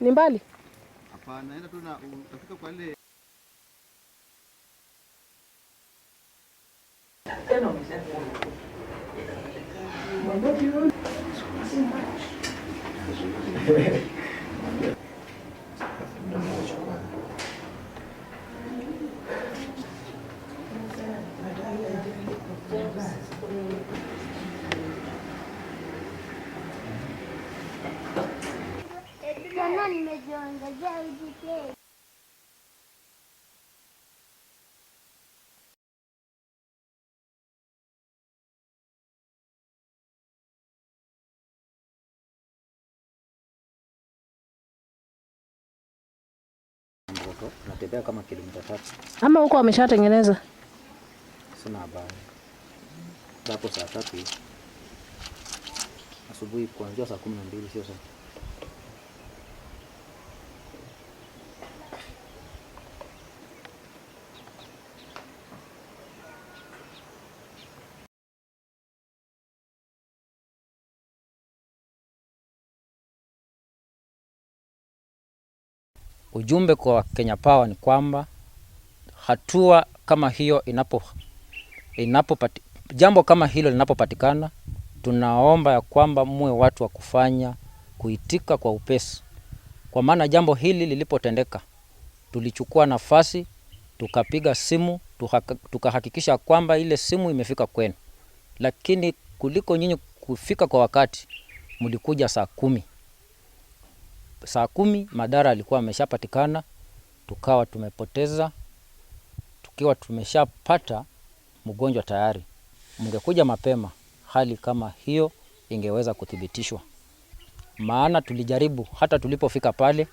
ni mbali? Hapana, enda tu na utafika kwa ile tena nimejiongezea uji Mboto, natembea kama kilomita tatu. Ama huko wameshatengeneza Sina habari. Hapo saa tatu asubuhi kuanzia saa kumi na mbili sio sasa. Ujumbe kwa Kenya Power ni kwamba hatua kama hiyo inapo, inapo pati, jambo kama hilo linapopatikana, tunaomba ya kwamba muwe watu wa kufanya kuitika kwa upesi, kwa maana jambo hili lilipotendeka tulichukua nafasi tukapiga simu tukahakikisha kwamba ile simu imefika kwenu, lakini kuliko nyinyi kufika kwa wakati, mlikuja saa kumi saa kumi madhara alikuwa ameshapatikana, tukawa tumepoteza tukiwa tumeshapata mgonjwa tayari. Mngekuja mapema, hali kama hiyo ingeweza kuthibitishwa, maana tulijaribu. Hata tulipofika pale,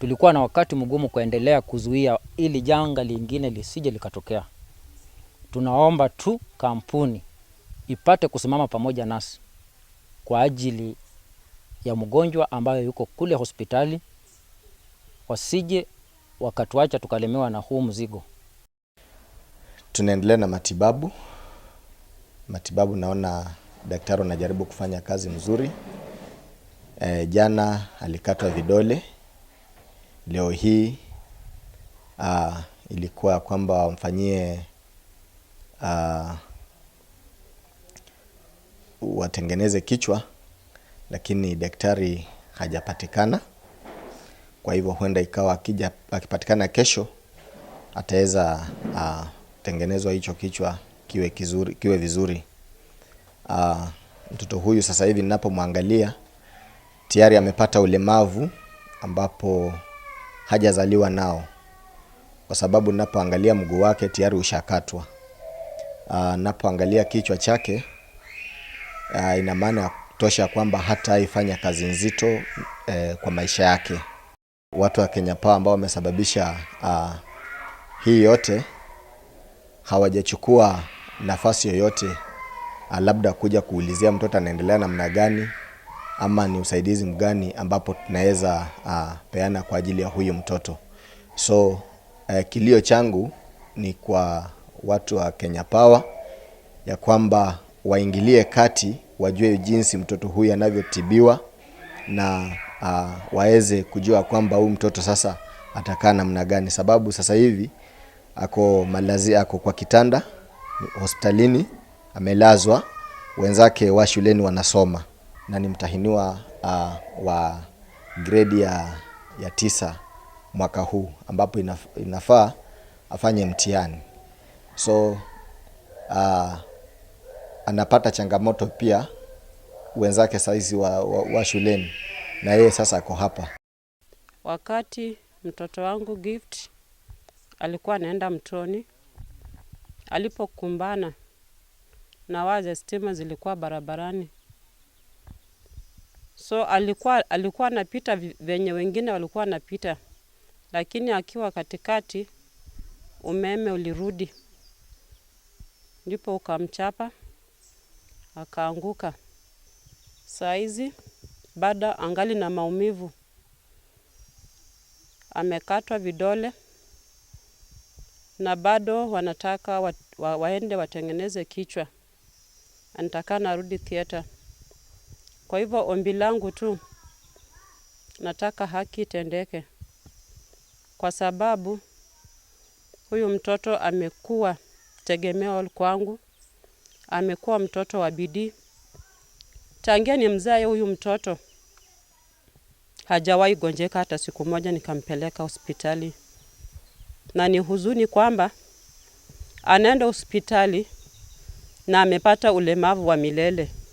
tulikuwa na wakati mgumu kuendelea kuzuia ili janga lingine lisije likatokea. Tunaomba tu kampuni ipate kusimama pamoja nasi kwa ajili ya mgonjwa ambayo yuko kule hospitali, wasije wakatuacha tukalemewa na huu mzigo. Tunaendelea na matibabu. Matibabu naona daktari anajaribu kufanya kazi mzuri. E, jana alikatwa vidole, leo hii a, ilikuwa kwamba wamfanyie watengeneze kichwa lakini daktari hajapatikana. Kwa hivyo huenda ikawa akija, akipatikana kesho ataweza tengenezwa hicho kichwa kiwe kizuri, kiwe vizuri. aa, mtoto huyu sasa hivi ninapomwangalia tayari amepata ulemavu ambapo hajazaliwa nao, kwa sababu ninapoangalia mguu wake tayari ushakatwa. napoangalia kichwa chake uh, ina maana tosha kwamba hata ifanya kazi nzito eh, kwa maisha yake. Watu wa Kenya Power ambao wamesababisha uh, hii yote hawajachukua nafasi yoyote, uh, labda kuja kuulizia mtoto anaendelea namna gani ama ni usaidizi mgani ambapo tunaweza uh, peana kwa ajili ya huyu mtoto. So uh, kilio changu ni kwa watu wa Kenya Power ya kwamba waingilie kati wajue jinsi mtoto huyu anavyotibiwa na uh, waweze kujua kwamba huyu mtoto sasa atakaa namna gani, sababu sasa hivi ako malazi, ako kwa kitanda hospitalini amelazwa, wenzake wa shuleni wanasoma na ni mtahiniwa uh, wa gredi ya, ya tisa mwaka huu ambapo inafaa afanye mtihani so uh, anapata changamoto pia wenzake saizi wa, wa, wa shuleni na yeye sasa ako hapa. Wakati mtoto wangu Gift alikuwa anaenda mtoni, alipokumbana na waza stima zilikuwa barabarani, so alikuwa alikuwa anapita venye wengine walikuwa anapita, lakini akiwa katikati umeme ulirudi, ndipo ukamchapa akaanguka. Saizi bado angali na maumivu, amekatwa vidole na bado wanataka wa, wa, waende watengeneze kichwa, anataka narudi theater. Kwa hivyo ombi langu tu, nataka haki itendeke, kwa sababu huyu mtoto amekuwa tegemeo kwangu amekuwa mtoto wa bidii. Tangia ni mzae huyu mtoto hajawahi gonjeka hata siku moja, nikampeleka hospitali, na ni huzuni kwamba anaenda hospitali na amepata ulemavu wa milele.